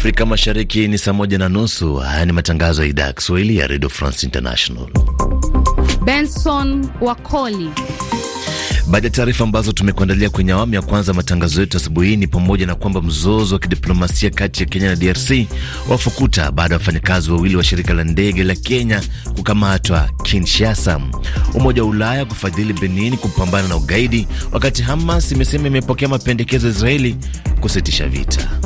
Afrika Mashariki ni saa moja na nusu. Haya ni matangazo ya idhaa ya Kiswahili ya Radio France International. Benson Wakoli. Baadhi ya taarifa ambazo tumekuandalia kwenye awamu ya kwanza matangazo yetu asubuhi hii ni pamoja na kwamba mzozo wa kidiplomasia kati ya Kenya na DRC wafukuta baada ya wafanyakazi wawili wa shirika la ndege la Kenya kukamatwa Kinshasa. Umoja wa Ulaya kufadhili Benin kupambana na ugaidi, wakati Hamas imesema imepokea mapendekezo ya Israeli kusitisha vita.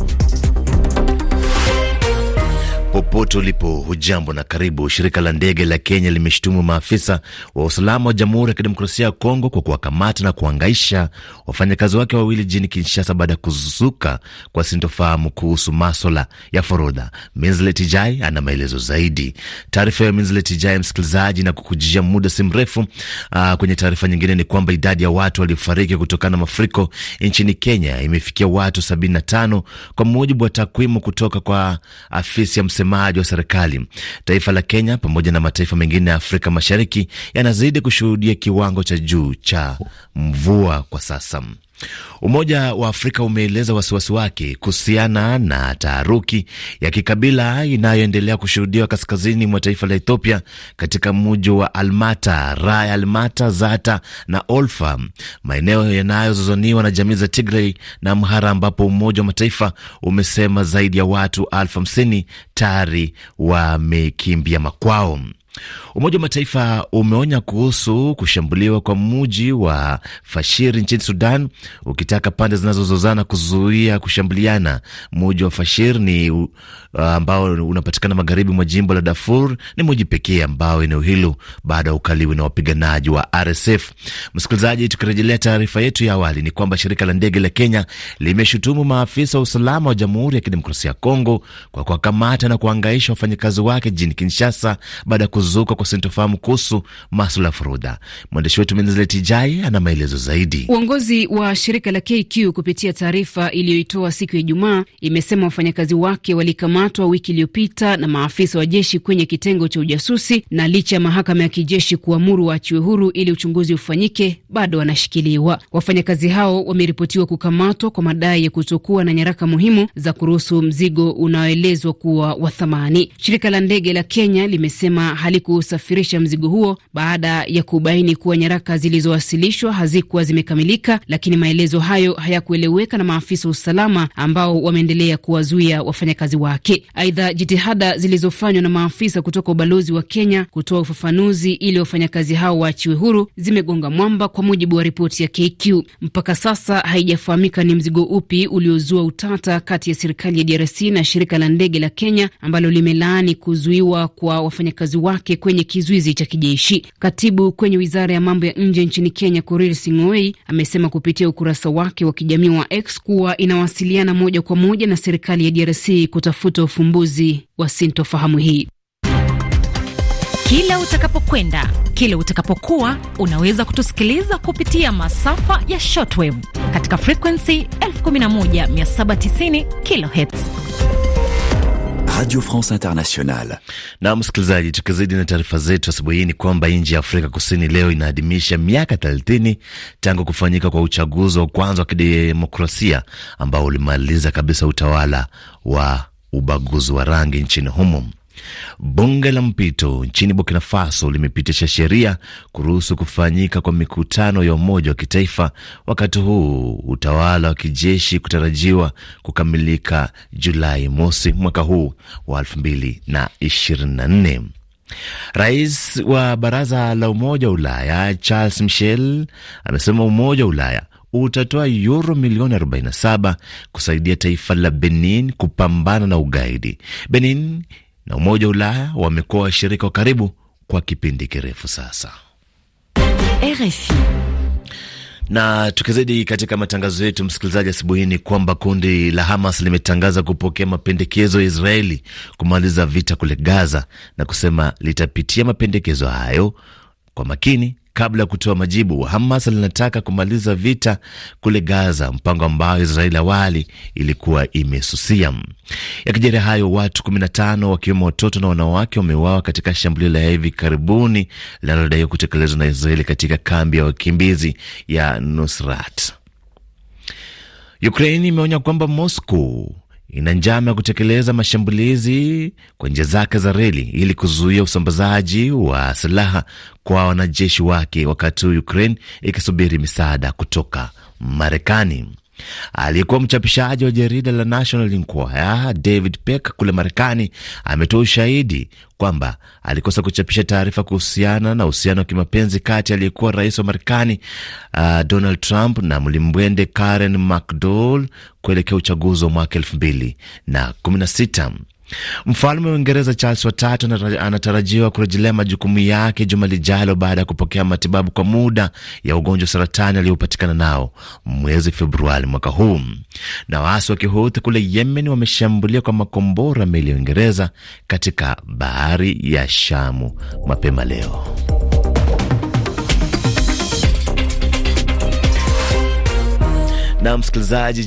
Popote ulipo hujambo na karibu. Shirika la ndege la Kenya limeshutumu maafisa wa usalama wa Jamhuri ya Kidemokrasia ya Kongo kwa kuwakamata na kuangaisha wafanyakazi wake wawili jini Kinshasa baada ya kuzuka kwa sintofahamu kuhusu maswala ya forodha. Minzlet ana maelezo zaidi. Taarifa ya Minzlet msikilizaji, na kukujia muda si mrefu. Uh, kwenye taarifa nyingine ni kwamba idadi ya watu waliofariki kutokana na mafuriko nchini Kenya imefikia watu 75 kwa mujibu wa takwimu kutoka kwa afisi ya msemaji wa serikali. Taifa la Kenya pamoja na mataifa mengine ya Afrika Mashariki yanazidi kushuhudia kiwango cha juu cha mvua kwa sasa. Umoja wa Afrika umeeleza wasiwasi wake kuhusiana na taharuki ya kikabila inayoendelea kushuhudiwa kaskazini mwa taifa la Ethiopia katika mji wa Almata, Raya, Almata, Zata na Olfa, maeneo yanayozozaniwa na jamii za Tigrey na Mhara, ambapo Umoja wa Mataifa umesema zaidi ya watu elfu hamsini tayari wamekimbia makwao. Umoja wa Mataifa umeonya kuhusu kushambuliwa kwa mji wa Fashiri nchini Sudan, ukitaka pande zinazozozana kuzuia kushambuliana. Mji wa Fashir ni uh, ambao unapatikana magharibi mwa jimbo la Darfur, ni mji pekee ambao eneo hilo baada ya ukaliwi na wapiganaji wa RSF. Msikilizaji, tukirejelea taarifa yetu ya awali, ni kwamba shirika la ndege la Kenya limeshutumu maafisa wa usalama wa Jamhuri ya Kidemokrasia ya Kongo kwa kuwakamata na kuangaisha wafanyakazi wake jijini Kinshasa baada ya kuzuka kwa sintofahamu kuhusu maswala ya furudha. Mwandishi wetu Minzileti Jai ana maelezo zaidi. Uongozi wa shirika la KQ kupitia taarifa iliyoitoa siku ya Ijumaa imesema wafanyakazi wake walikamatwa wiki iliyopita na maafisa wa jeshi kwenye kitengo cha ujasusi, na licha ya mahakama ya kijeshi kuamuru waachiwe huru ili uchunguzi ufanyike, bado wanashikiliwa. Wafanyakazi hao wameripotiwa kukamatwa kwa madai ya kutokuwa na nyaraka muhimu za kuruhusu mzigo unaoelezwa kuwa wa thamani. Shirika la ndege la Kenya limesema hali alikubali kusafirisha mzigo huo baada ya kubaini kuwa nyaraka zilizowasilishwa hazikuwa zimekamilika, lakini maelezo hayo hayakueleweka na maafisa wa usalama ambao wameendelea kuwazuia wafanyakazi wake. Aidha, jitihada zilizofanywa na maafisa kutoka ubalozi wa Kenya kutoa ufafanuzi ili wafanyakazi hao waachiwe huru zimegonga mwamba, kwa mujibu wa ripoti ya KQ. Mpaka sasa haijafahamika ni mzigo upi uliozua utata kati ya serikali ya DRC na shirika la ndege la Kenya ambalo limelaani kuzuiwa kwa wafanyakazi wake wake kwenye kizuizi cha kijeshi. Katibu kwenye wizara ya mambo ya nje nchini Kenya, Korir Sing'oei, amesema kupitia ukurasa wake wa kijamii wa X kuwa inawasiliana moja kwa moja na serikali ya DRC kutafuta ufumbuzi wa sintofahamu hii. Kila utakapokwenda, kila utakapokuwa, unaweza kutusikiliza kupitia masafa ya shortwave katika frequency 11790 kilohertz Radio France Internationale. Na msikilizaji, tukizidi na taarifa zetu asubuhi hii ni kwamba nchi ya Afrika Kusini leo inaadhimisha miaka 30 tangu kufanyika kwa uchaguzi wa kwanza wa kidemokrasia ambao ulimaliza kabisa utawala wa ubaguzi wa rangi nchini humo. Bunge la mpito nchini Burkina Faso limepitisha sheria kuruhusu kufanyika kwa mikutano ya umoja wa kitaifa, wakati huu utawala wa kijeshi kutarajiwa kukamilika Julai mosi mwaka huu wa 2024. Rais wa baraza la umoja wa Ulaya Charles Michel amesema umoja wa Ulaya utatoa yuro milioni 47 kusaidia taifa la Benin kupambana na ugaidi. Benin na Umoja wa Ulaya wamekuwa washirika wa karibu kwa kipindi kirefu sasa. RFI na tukizidi katika matangazo yetu, msikilizaji, asubuhi ni kwamba kundi la Hamas limetangaza kupokea mapendekezo ya Israeli kumaliza vita kule Gaza na kusema litapitia mapendekezo hayo kwa makini kabla ya kutoa majibu. Hamas linataka kumaliza vita kule Gaza, mpango ambao Israeli awali ilikuwa imesusia. Yakijeri hayo, watu 15 wakiwemo watoto na wanawake wameuawa katika shambulio la hivi karibuni linalodaiwa kutekelezwa na Israeli katika kambi ya wakimbizi ya Nusrat. Ukraini imeonya kwamba Moscow ina njama ya kutekeleza mashambulizi kwa njia zake za reli ili kuzuia usambazaji wa silaha kwa wanajeshi wake, wakati huu Ukraine ikisubiri misaada kutoka Marekani. Aliyekuwa mchapishaji wa jarida la National Enquirer David Peck kule Marekani ametoa ushahidi kwamba alikosa kuchapisha taarifa kuhusiana na uhusiano wa kimapenzi kati aliyekuwa rais wa Marekani uh, Donald Trump na mlimbwende Karen McDougal kuelekea uchaguzi wa mwaka elfu mbili na kumi na sita. Mfalme wa Uingereza Charles watatu anatarajiwa kurejelea majukumu yake juma lijalo baada ya kupokea matibabu kwa muda ya ugonjwa saratani aliyopatikana nao mwezi Februari mwaka huu. Na waasi wa Kihuthi kule Yemen wameshambulia kwa makombora meli ya Uingereza katika bahari ya Shamu mapema leo. Na msikilizaji